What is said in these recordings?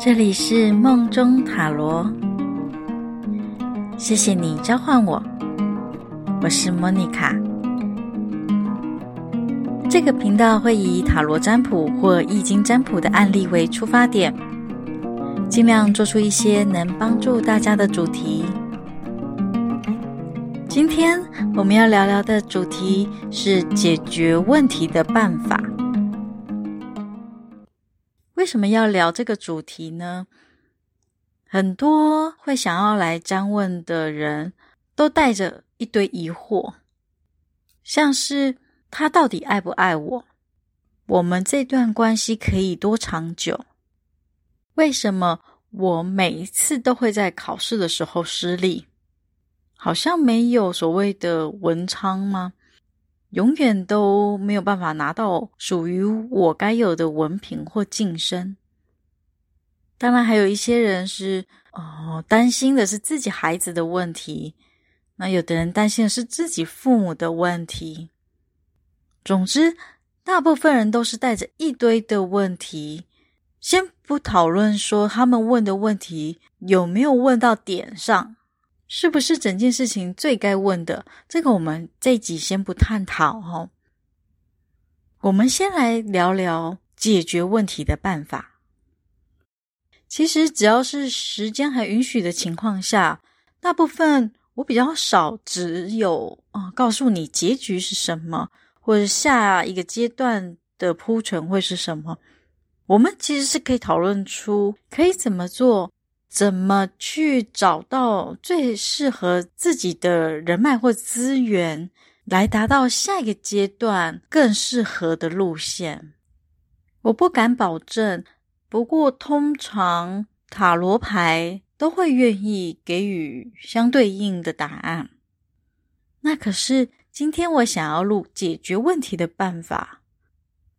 這裡是夢中塔羅，謝謝你召喚我，我是莫妮卡。這個頻道會以塔羅占卜或易經占卜的案例為出發點，盡量做出一些能幫助大家的主題。今天我們要聊聊的主題是解決問題的辦法。為什麼要聊這個主題呢？很多會想要來占問的人都帶着一堆疑惑，像是他到底愛不愛我？我們這段關係可以多長久？為什麼我每一次都會在考試的時候失利？好像沒有所謂的文昌嗎？永遠都沒有辦法拿到屬於我該有的文憑或晉升。當然，還有一些人是哦，擔心的是自己孩子的問題，那有的人擔心的是自己父母的問題。總之，大部分人都是帶着一堆的問題，先不討論說他們問的問題有沒有問到點上。是不是整件事情最該問的？這個我們這集先不探討哦。我們先來聊聊解決問題的辦法。其實只要是時間還允許的情況下，大部分我比較少只有啊，告訴你結局是什麼，或者下一個階段的鋪陳會是什麼。我們其實是可以討論出可以怎麼做。怎麼去找到最適合自己的人脈或資源，來達到下一個階段更適合的路線？我不敢保證，不過通常塔羅牌都會願意給予相對應的答案。那可是今天我想要錄解決問題的方法，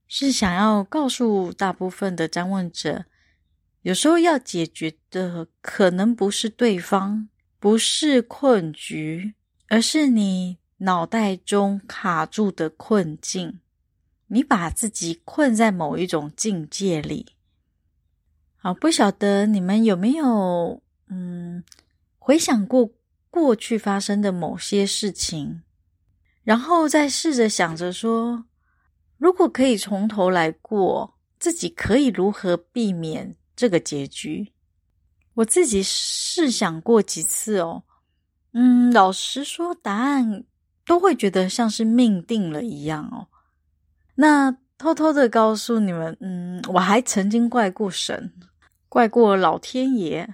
是想要告訴大部分的占問者。有時候要解決的可能不是對方，不是困局，而是你腦袋中卡住的困境。你把自己困在某一種境界裡。好，不曉得你們有沒有嗯，回想過過去發生的某些事情，然後再試着想着說，如果可以從頭來過，自己可以如何避免？這個結局，我自己試想過幾次哦。嗯，老實說，答案都會覺得像是命定了一樣哦。那偷偷的告訴你們，嗯，我還曾經怪過神，怪過老天爺。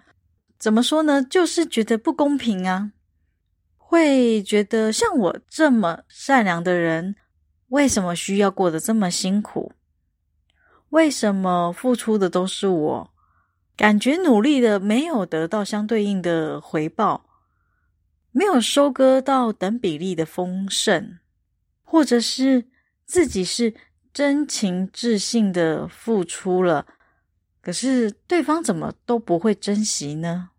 怎麼說呢？就是覺得不公平啊。會覺得像我這麼善良的人，為什麼需要過得這麼辛苦？為什麼付出的都是我？感覺努力的沒有得到相對應的回報，沒有收割到等比例的豐盛，或者是自己是真情至性的付出了，可是對方怎麼都不會珍惜呢？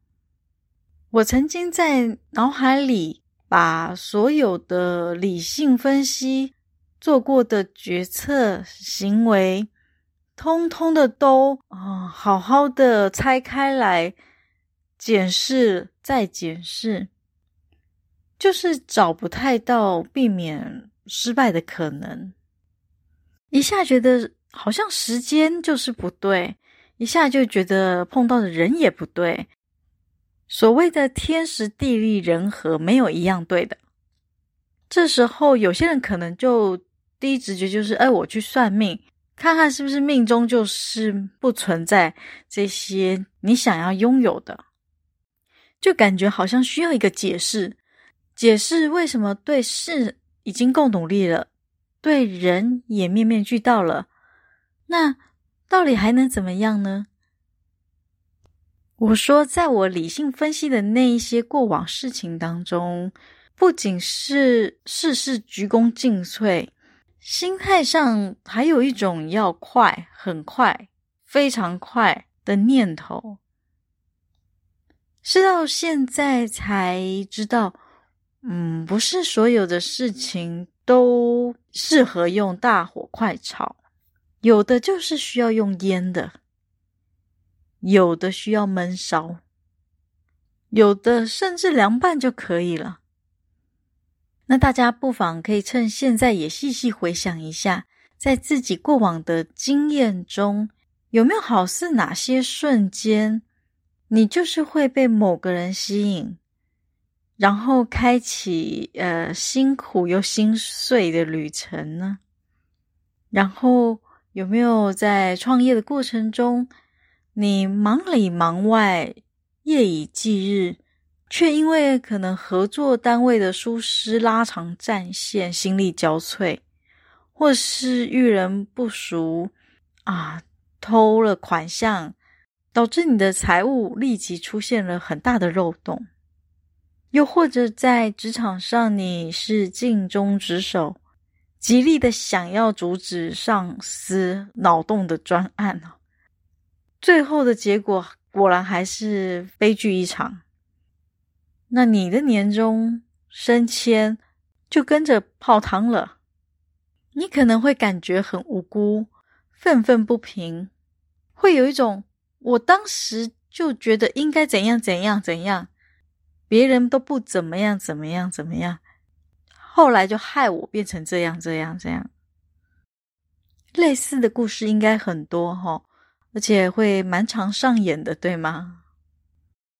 我曾經在腦海裡把所有的理性分析，做過的決策、行為。通通的都啊、哦，好好的拆開來檢視，再檢視，就是找不太到避免失敗的可能。一下覺得好像時間就是不對，一下就覺得碰到的人也不對。所謂的天時地利人和，沒有一樣對的。這時候有些人可能就第一直覺就是，哎，我去算命。看看是不是命中就是不存在這些你想要擁有的，就感覺好像需要一個解釋，解釋為什麼對事已經夠努力了，對人也面面俱到了，那到底還能怎麼樣呢？我說，在我理性分析的那一些過往事情當中，不僅是事事鞠躬盡瘁。心態上還有一種要快、很快、非常快的念頭，是到現在才知道，嗯，不是所有的事情都適合用大火快炒，有的就是需要用醃的，有的需要燜燒，有的甚至涼拌就可以了。那大家不妨可以趁現在也細細回想一下，在自己過往的經驗中，有沒有好似哪些瞬間，你就是會被某個人吸引，然後開啟呃辛苦又心碎的旅程呢？然後有沒有在創業的過程中，你忙裡忙外，夜以繼日？卻因為可能合作單位的疏失拉長戰線，心力交瘁，或是遇人不淑，啊，偷了款項，導致你的財務立即出現了很大的漏洞。又或者在職場上，你是盡忠職守，極力的想要阻止上司腦洞的專案呢，最後的結果果然還是悲劇一場。那你的年終升遷就跟着泡湯了。你可能會感覺很無辜，憤憤不平，會有一種我當時就覺得應該怎樣怎樣怎樣，別人都不怎麼樣怎麼樣怎麼樣，後來就害我變成這樣這樣這樣。類似的故事應該很多哈，而且會蠻常上演的，對嗎？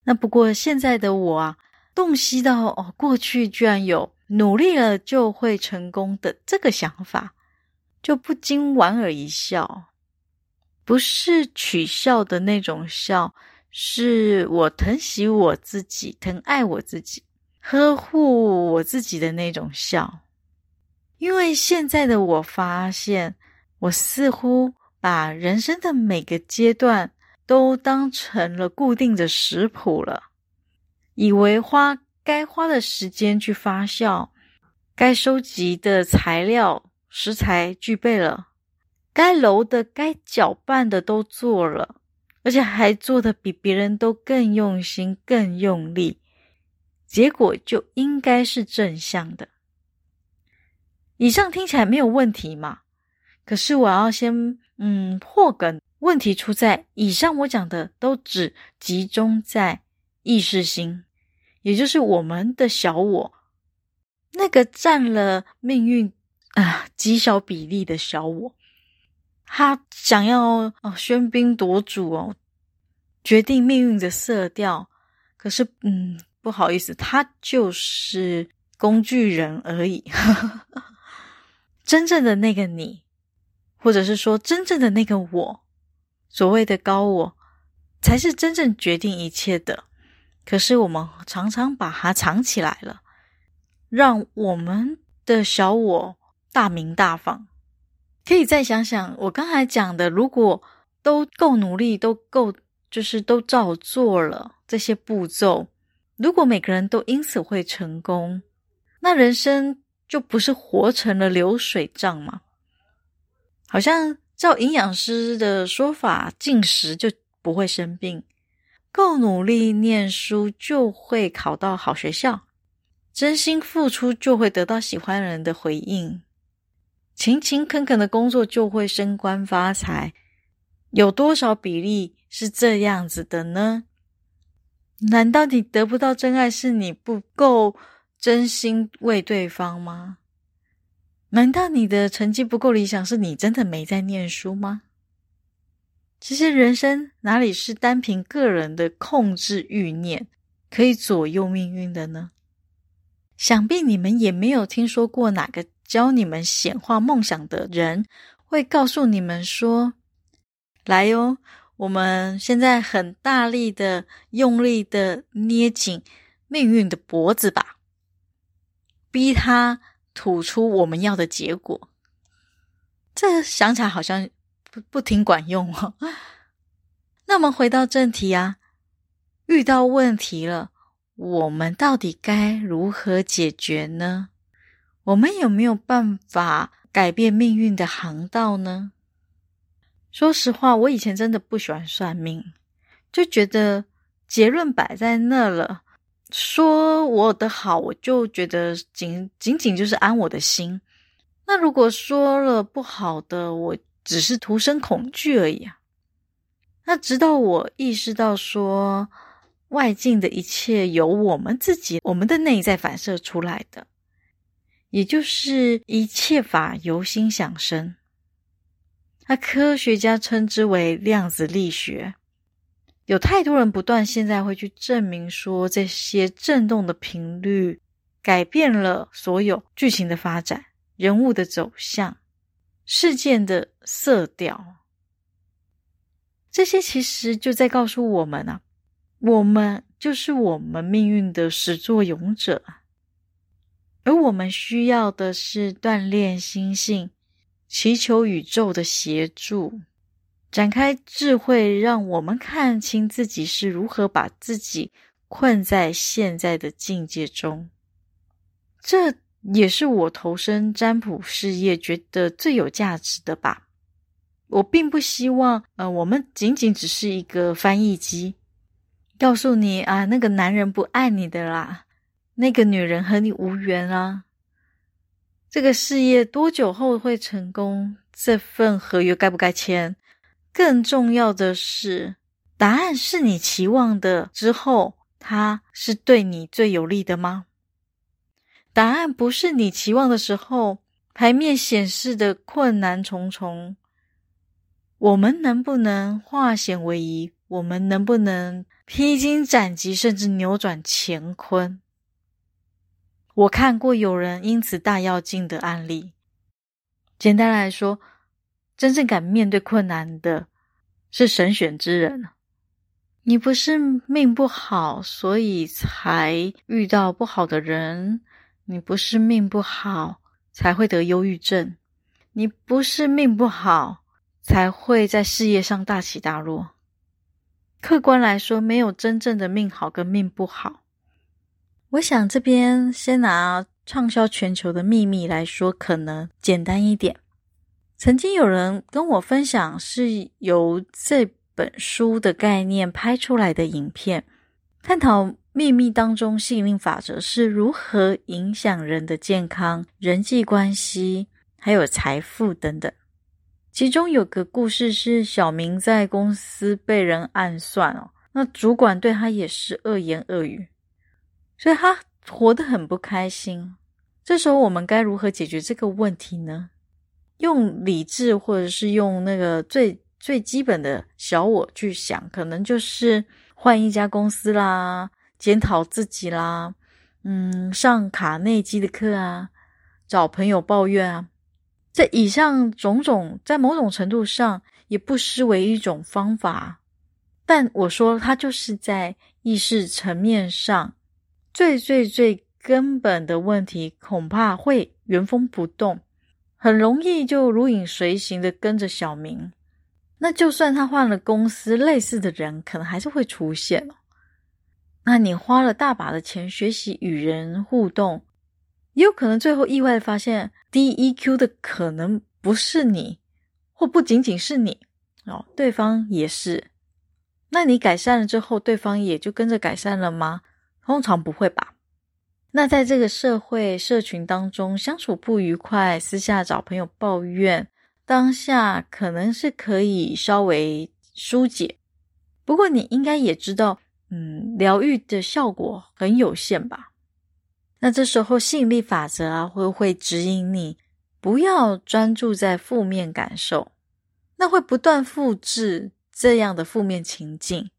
那不過現在的我啊。洞悉到哦，過去居然有努力了就會成功的這個想法，就不禁莞爾一笑，不是取笑的那種笑，是我疼惜我自己、疼愛我自己、呵護我自己的那種笑。因為現在的我發現，我似乎把人生的每個階段都當成了固定的食譜了。以為花該花的時間去發酵，該收集的材料食材具備了，該揉的、該攪拌的都做了，而且還做得比別人都更用心、更用力，結果就應該是正向的。以上聽起來沒有問題嘛？可是我要先嗯破梗，問題出在以上我講的都只集中在意識心。也就是我們的小我，那個佔了命運啊、呃、極小比例的小我，他想要哦喧賓奪主哦，決定命運的色調。可是，嗯，不好意思，他就是工具人而已。 真正的那個你，或者是說真正的那個我，所謂的高我，才是真正決定一切的。可是我們常常把它藏起來了，讓我們的小我大鳴大放。可以再想想，我剛才講的，如果都夠努力，都夠，就是都照做了這些步驟，如果每個人都因此會成功，那人生就不是活成了流水賬嗎？好像照營養師的說法，進食就不會生病。夠努力念書就會考到好學校，真心付出就會得到喜歡人的回應，勤勤懇懇的工作就會升官發財，有多少比例是這樣子的呢？難道你得不到真愛是你不夠真心為對方嗎？難道你的成績不夠理想是你真的沒在念書嗎？其實人生哪裡是單憑個人的控制欲念可以左右命運的呢？想必你們也沒有聽說過哪個教你們顯化夢想的人會告訴你們說：“來喲，我們現在很大力的、用力的捏緊命運的脖子吧，逼他吐出我們要的結果。”這想起來好像。不挺管用啊，哦？那麼回到正題啊，遇到問題了，我們到底該如何解決呢？我們有沒有辦法改變命運的航道呢？說實話，我以前真的不喜歡算命，就覺得結論擺在那了，說我的好，我就覺得僅僅僅就是安我的心；那如果說了不好的，我。只是徒生恐懼而已啊！那直到我意識到說，說外境的一切由我們自己、我們的內在反射出來的，也就是一切法由心想生。那科學家稱之為量子力學。有太多人不斷現在會去證明說，這些震動的頻率改變了所有劇情的發展、人物的走向、事件的。色調，這些其實就在告訴我們啊，我們就是我們命運的始作俑者，而我們需要的是鍛鍊心性，祈求宇宙的協助，展開智慧，讓我們看清自己是如何把自己困在現在的境界中。這也是我投身占卜事業覺得最有價值的吧。我並不希望，呃，我們僅僅只是一個翻譯機，告訴你啊，那個男人不愛你的啦，那個女人和你無緣啦、啊。這個事業多久後會成功？這份合約該不該簽？更重要的是，答案是你期望的之後，它是對你最有利的嗎？答案不是你期望的時候，牌面顯示的困難重重。我們能不能化險為夷？我們能不能披荊斬棘，甚至扭轉乾坤？我看過有人因此大躍進的案例。簡單來說，真正敢面對困難的是神選之人。你不是命不好，所以才遇到不好的人；你不是命不好，才會得憂鬱症；你不是命不好。才會在事業上大起大落。客觀來說，沒有真正的命好跟命不好。我想這邊先拿暢銷全球的秘密來說，可能簡單一點。曾經有人跟我分享，是由這本書的概念拍出來的影片，探討秘密當中吸引力法則，是如何影響人的健康、人際關係，還有財富等等。其中有個故事是小明在公司被人暗算哦，那主管對他也是惡言惡語，所以他活得很不開心。這時候我們該如何解決這個問題呢？用理智，或者是用那個最最基本的小我去想，可能就是換一家公司啦，檢討自己啦，嗯，上卡內基的課啊，找朋友抱怨啊。這以上種種，在某種程度上也不失為一種方法，但我說，他就是在意識層面上最最最根本的問題，恐怕會原封不動，很容易就如影隨形的跟着小明。那就算他換了公司，類似的人可能還是會出現。那你花了大把的錢學習與人互動。也有可能最後意外的發現，低 EQ 的可能不是你，或不僅僅是你哦，對方也是。那你改善了之後，對方也就跟着改善了嗎？通常不會吧。那在這個社會社群當中，相處不愉快，私下找朋友抱怨，當下可能是可以稍微疏解。不過你應該也知道，嗯，療癒的效果很有限吧。那這時候吸引力法則啊，會會指引你不要專注在負面感受，那會不斷複製這樣的負面情境。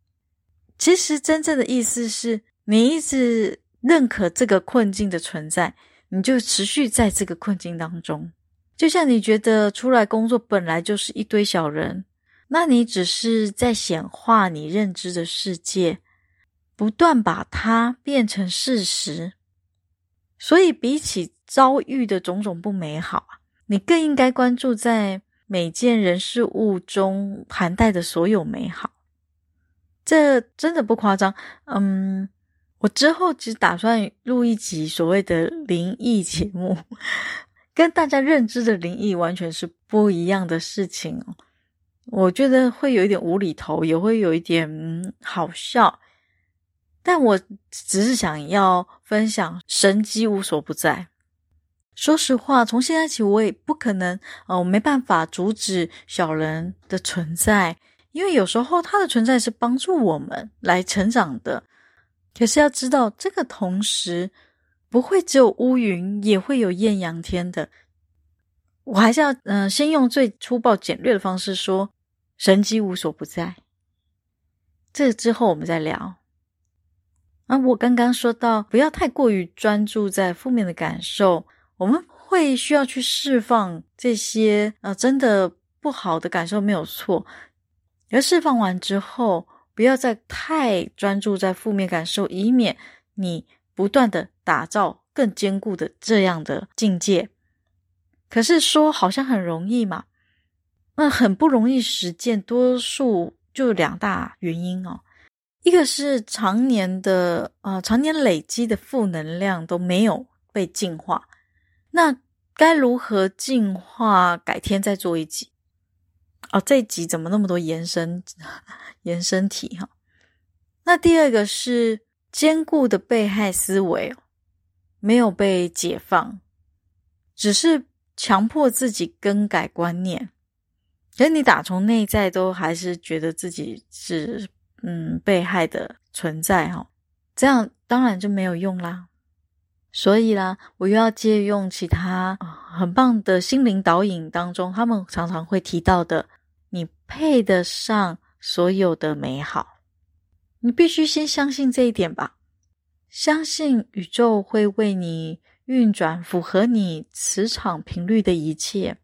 其實真正的意思是，你一直認可這個困境的存在，你就持續在這個困境當中。就像你覺得出來工作本來就是一堆小人，那你只是在顯化你認知的世界，不斷把它變成事實。所以，比起遭遇的種種不美好啊，你更應該關注在每件人事物中含帶的所有美好。這真的不誇張。嗯，我之後只打算錄一集所謂的靈異節目， 跟大家認知的靈異完全是不一樣的事情哦。我覺得會有一點無厘頭，也會有一點好笑。但我只是想要分享神機無所不在。說實話，從現在起我也不可能，呃，沒辦法阻止小人的存在，因為有時候他的存在是幫助我們來成長的。可是要知道，這個同時不會只有烏雲，也會有豔陽天的。我還是要，嗯、呃，先用最粗暴簡略的方式說，神機無所不在。這個之後我們再聊。啊，我剛剛說到不要太過於專注在負面的感受，我們會需要去釋放這些呃、啊、真的不好的感受沒有錯。而釋放完之後，不要再太專注在負面感受，以免你不斷的打造更堅固的這樣的境界。可是說好像很容易嘛，那很不容易實踐，多數就兩大原因哦。一個是常年的啊、呃，常年累積的負能量都沒有被淨化，那該如何淨化？改天再做一集哦。這一集怎麼那麼多延伸延伸題哈？那第二個是堅固的被害思維沒有被解放，只是強迫自己更改觀念，可是你打從內在都還是覺得自己是。嗯，被害的存在哈，哦，這樣當然就沒有用啦。所以啦，我又要借用其他很棒的心靈導引當中，他們常常會提到的：你配得上所有的美好，你必須先相信這一點吧。相信宇宙會為你運轉符合你磁場頻率的一切，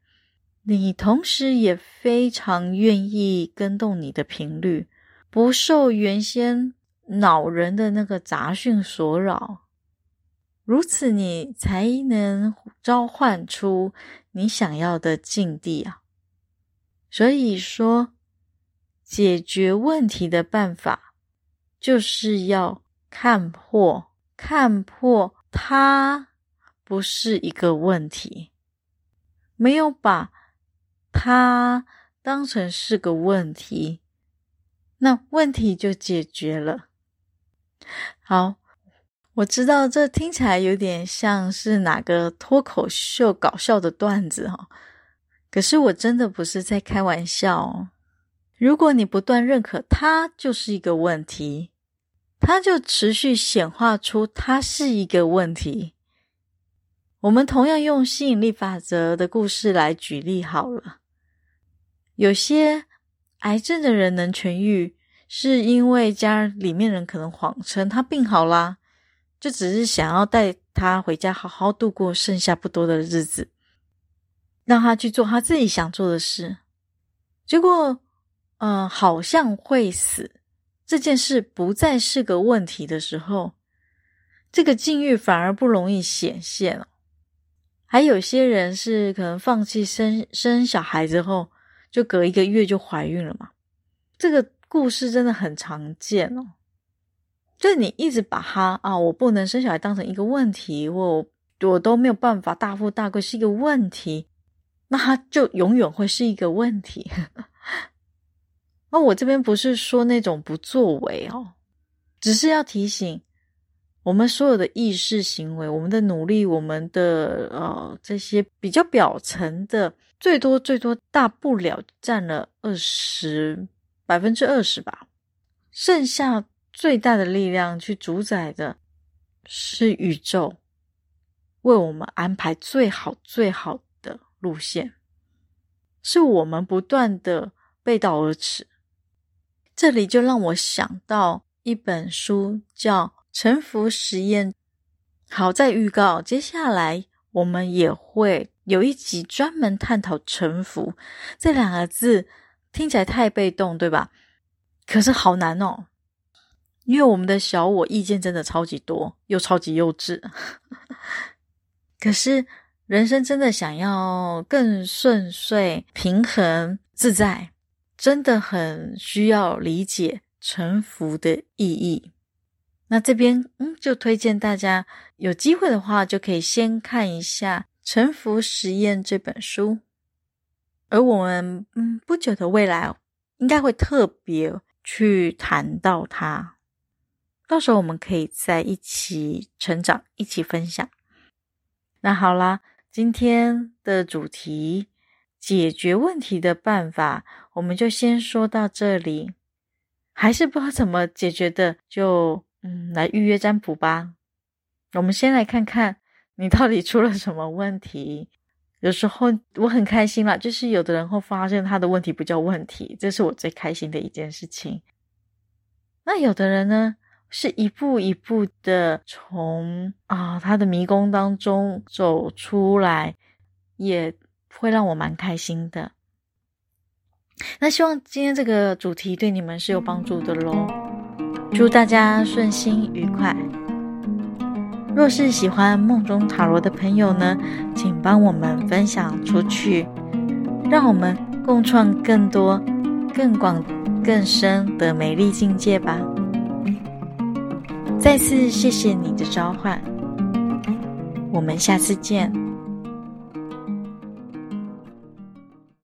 你同時也非常願意更動你的頻率。不受原先惱人的那個雜訊所擾，如此你才能召喚出你想要的境地啊！所以說，解決問題的辦法就是要看破，看破它不是一個問題，沒有把它當成是個問題。那問題就解決了。好，我知道這聽起來有點像是哪個脫口秀搞笑的段子哦。可是我真的不是在開玩笑哦。如果你不斷認可它就是一個問題，它就持續顯化出它是一個問題。我們同樣用吸引力法則的故事來舉例好了，有些。癌症的人能痊癒，是因為家裡面人可能謊稱他病好啦，就只是想要帶他回家，好好度過剩下不多的日子，讓他去做他自己想做的事。結果，呃，好像會死，這件事不再是個問題的時候，這個境遇反而不容易顯現了。還有些人是可能放棄生生小孩之後。就隔一個月就懷孕了嘛。這個故事真的很常見哦。就是你一直把它，啊，我不能生小孩當成一個問題，我我都沒有辦法大富大貴是一個問題，那它就永遠會是一個問題。那、 啊、我這邊不是說那種不作為哦，只是要提醒我們所有的意識行為，我們的努力，我們的呃、啊、這些比較表層的。最多最多大不了占了二十百分之二十吧，剩下最大的力量去主宰的是宇宙，為我們安排最好最好的路線，是我們不斷的背道而馳。這裡就讓我想到一本書叫《臣服實驗》，好，再預告，接下來我們也會。有一集專門探討“臣服”這兩個字，聽起來太被動，對吧？可是好難哦，因為我們的小我意見真的超級多，又超級幼稚。 可是人生真的想要更順遂、平衡、自在，真的很需要理解“臣服”的意義。那這邊，嗯，就推薦大家有機會的話，就可以先看一下。《臣服實驗》這本書，而我們嗯不久的未來應該會特別去談到它，到時候我們可以再一起成長，一起分享。那好啦，今天的主題解決問題的辦法，我們就先說到這裡。還是不知道怎麼解決的，就嗯來預約占卜吧。我們先來看看。你到底出了什麼問題？有時候我很開心啦，就是有的人會發現他的問題不叫問題，這是我最開心的一件事情。那有的人呢，是一步一步的從啊，哦，他的迷宮當中走出來，也會讓我蠻開心的。那希望今天這個主題對你們是有幫助的嘍，祝大家順心愉快。若是喜歡夢中塔羅的朋友呢，請幫我們分享出去，讓我們共創更多、更廣、更深的美麗境界吧。再次謝謝你的召喚，我們下次見。